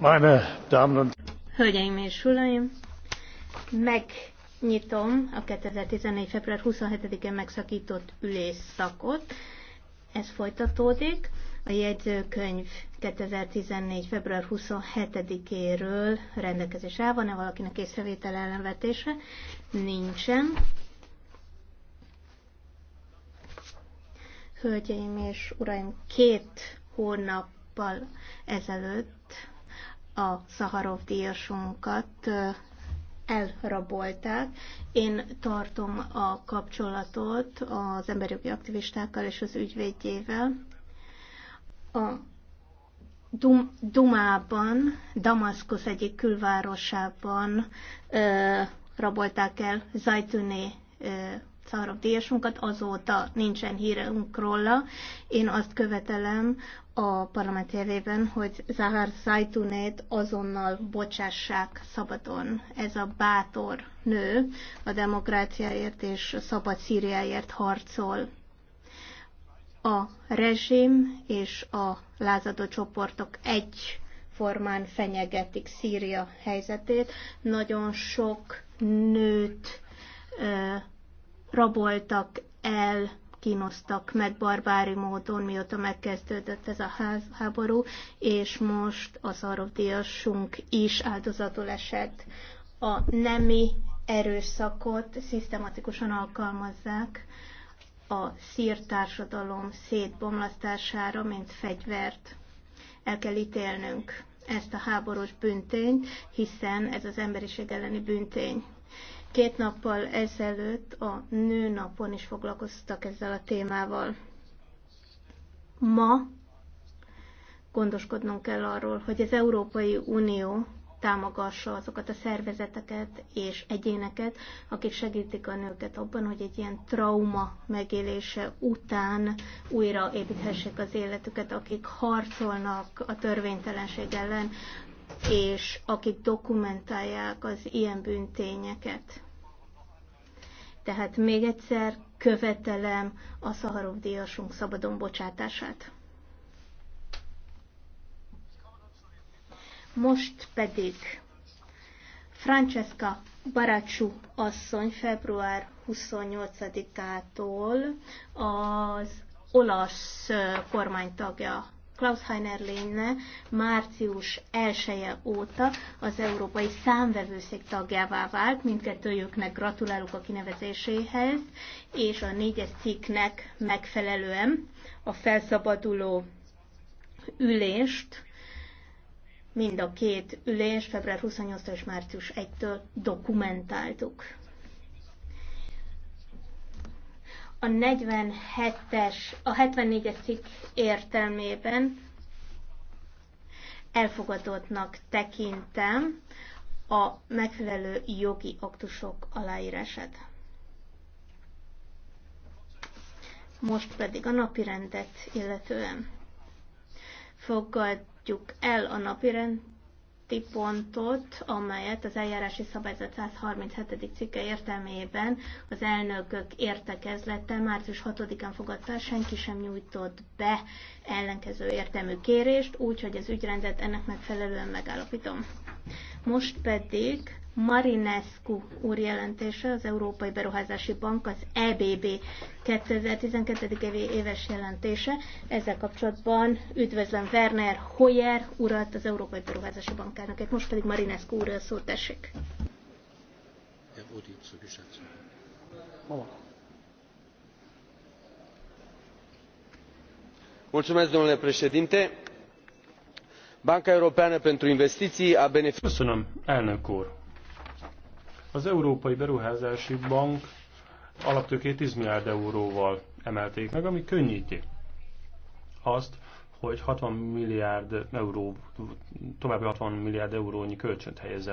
Meine Damen und Hölgyeim és Uraim, megnyitom a 2014. február 27-én megszakított ülésszakot. Ez folytatódik. A jegyzőkönyv 2014. február 27-éről rendelkezés áll. Van-e valakinek észrevétel ellenvetése? Nincsen. Hölgyeim és uraim, két hónappal ezelőtt a Szaharov díjasunkat elrabolták. Én tartom a kapcsolatot az jogi aktivistákkal és az ügyvédjével. A Dum- Dumában, Damaszkusz egyik külvárosában ö, rabolták el Zajtuné Szaharov díjasunkat, azóta nincsen hírünk róla. Én azt követelem a parlament jelében, hogy Zahar Zajtunét azonnal bocsássák szabadon. Ez a bátor nő a demokráciáért és a szabad Szíriáért harcol a rezsim és a lázadó csoportok egy formán fenyegetik Szíria helyzetét. Nagyon sok nőt raboltak el, kínoztak meg barbári módon, mióta megkezdődött ez a háború, és most az arodiasunk is áldozatul esett. A nemi erőszakot szisztematikusan alkalmazzák a szír társadalom szétbomlasztására, mint fegyvert. El kell ítélnünk ezt a háborús büntényt, hiszen ez az emberiség elleni büntény. Két nappal ezelőtt a nőnapon is foglalkoztak ezzel a témával. Ma gondoskodnunk kell arról, hogy az Európai Unió támogassa azokat a szervezeteket és egyéneket, akik segítik a nőket abban, hogy egy ilyen trauma megélése után újra építhessék az életüket, akik harcolnak a törvénytelenség ellen, és akik dokumentálják az ilyen bűntényeket. Tehát még egyszer követelem a szaharok díjasunk szabadon bocsátását. Most pedig Francesca Baracsú asszony február 28-ától az olasz kormánytagja Klaus Heiner lénne március 1 -e óta az Európai Számvevőszék tagjává vált. Mindkettőjüknek gratulálok a kinevezéséhez, és a négyes cikknek megfelelően a felszabaduló ülést mind a két ülés február 28 és március 1-től dokumentáltuk. A 47-es, a 74-es cikk értelmében elfogadottnak tekintem a megfelelő jogi aktusok aláírását. Most pedig a napirendet illetően fogadjuk el a napirendi pontot, amelyet az eljárási szabályzat 137. cikke értelmében az elnökök értekezlete március 6-án fogadta, senki sem nyújtott be ellenkező értelmű kérést, úgyhogy az ügyrendet ennek megfelelően megállapítom. Most pedig Marinescu úr jelentése, az Európai Beruházási Bank, az EBB 2012. éves jelentése. Ezzel kapcsolatban üdvözlöm Werner Hoyer urat az Európai Beruházási Bankának. Egy most pedig Marinescu úrral szó tessék. Mulțumesc, domnule președinte. Banca Europeană pentru Investiții a beneficiat... Köszönöm, elnök úr az Európai Beruházási Bank alaptőkét 10 milliárd euróval emelték meg, ami könnyíti azt, hogy 60 milliárd euró, további 60 milliárd eurónyi kölcsönt helyezzenek